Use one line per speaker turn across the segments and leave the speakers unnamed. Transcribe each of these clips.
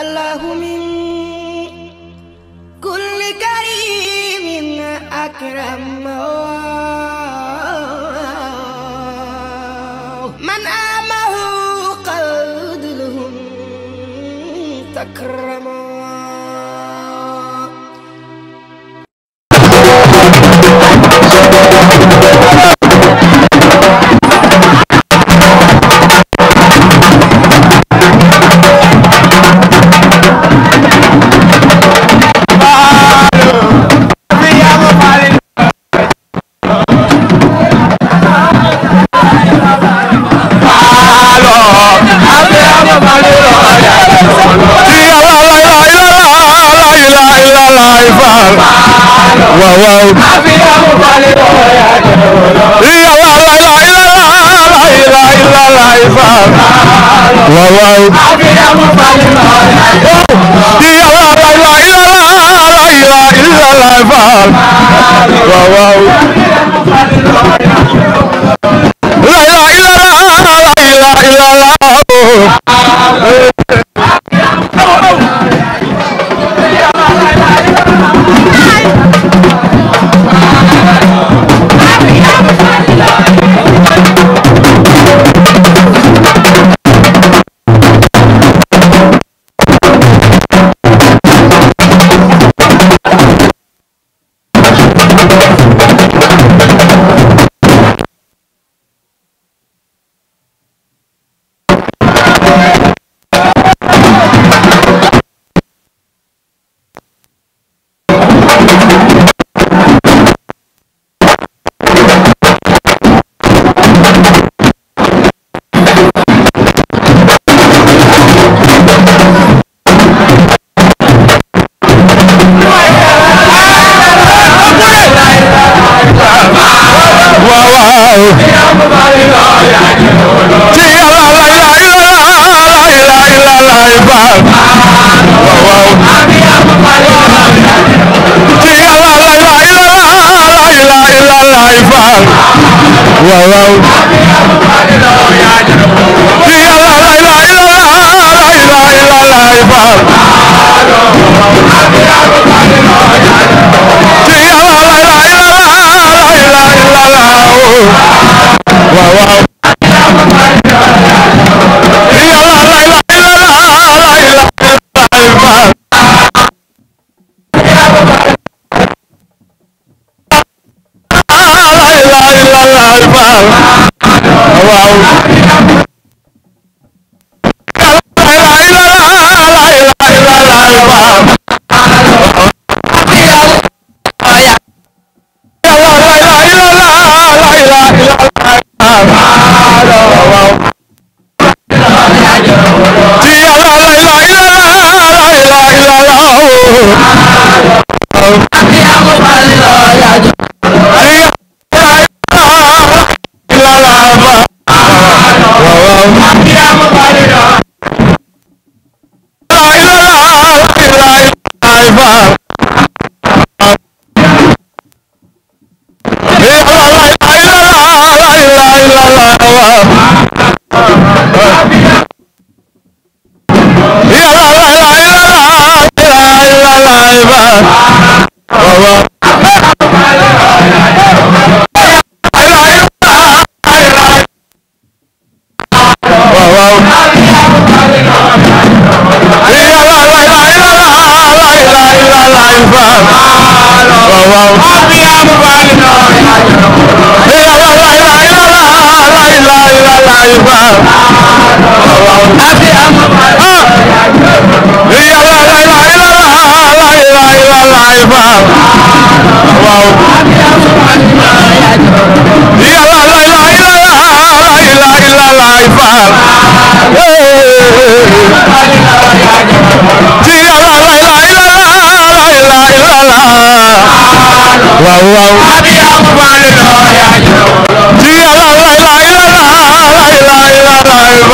الله من كل كريم أكرمه waaw waaw iya la la ila ila la la la ila ila la waaw waaw waaw ci yàlla lay la ila la ila la lay faal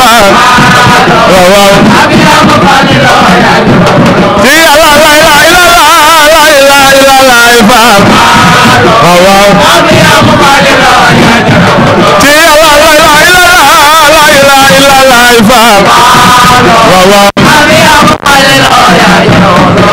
waaw waaw waaw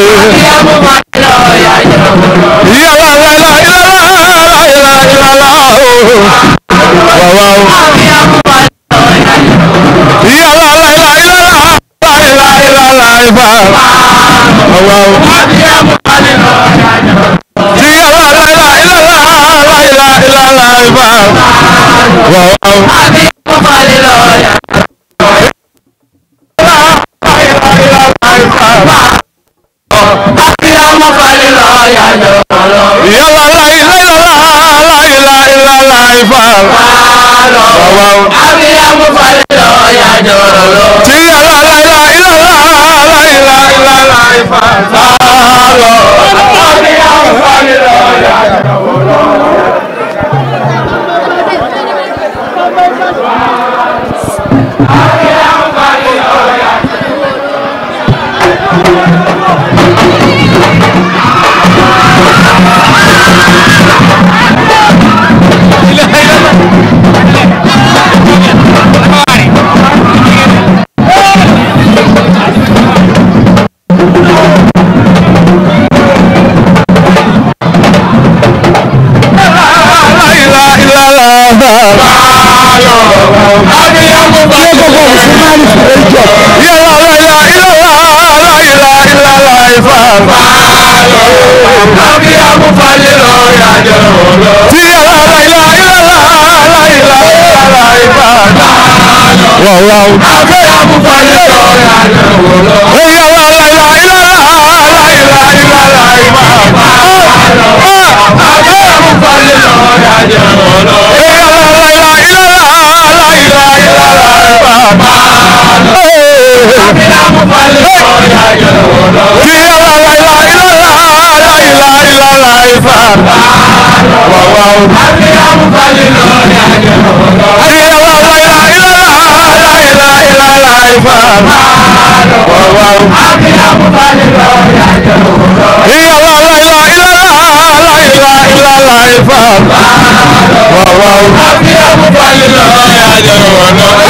Falo, Falo, Falo, Falo, Falo, Falo, Falo, job ya la la la ila la ila ila la ifan abi abu falilo ya jolo ti ya la la ila ila la ila la ifan wow wow abi abu falilo ya jolo ya la la ila ila la ila ila la ifan abi abu falilo ya jolo waaw waaw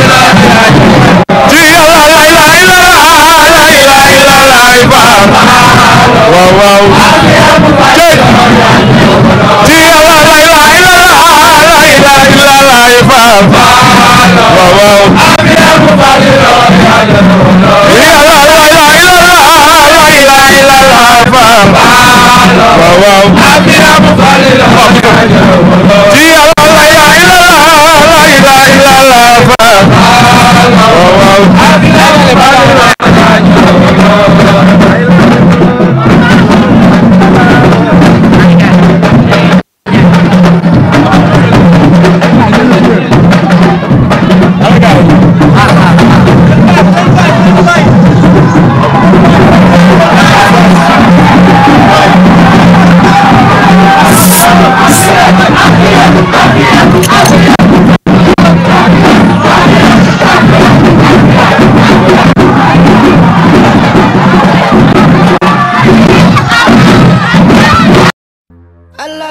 waaw waaw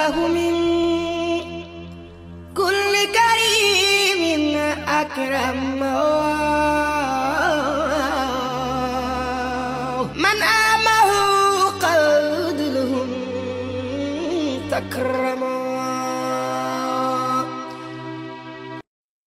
الله من كل كريم أكرمه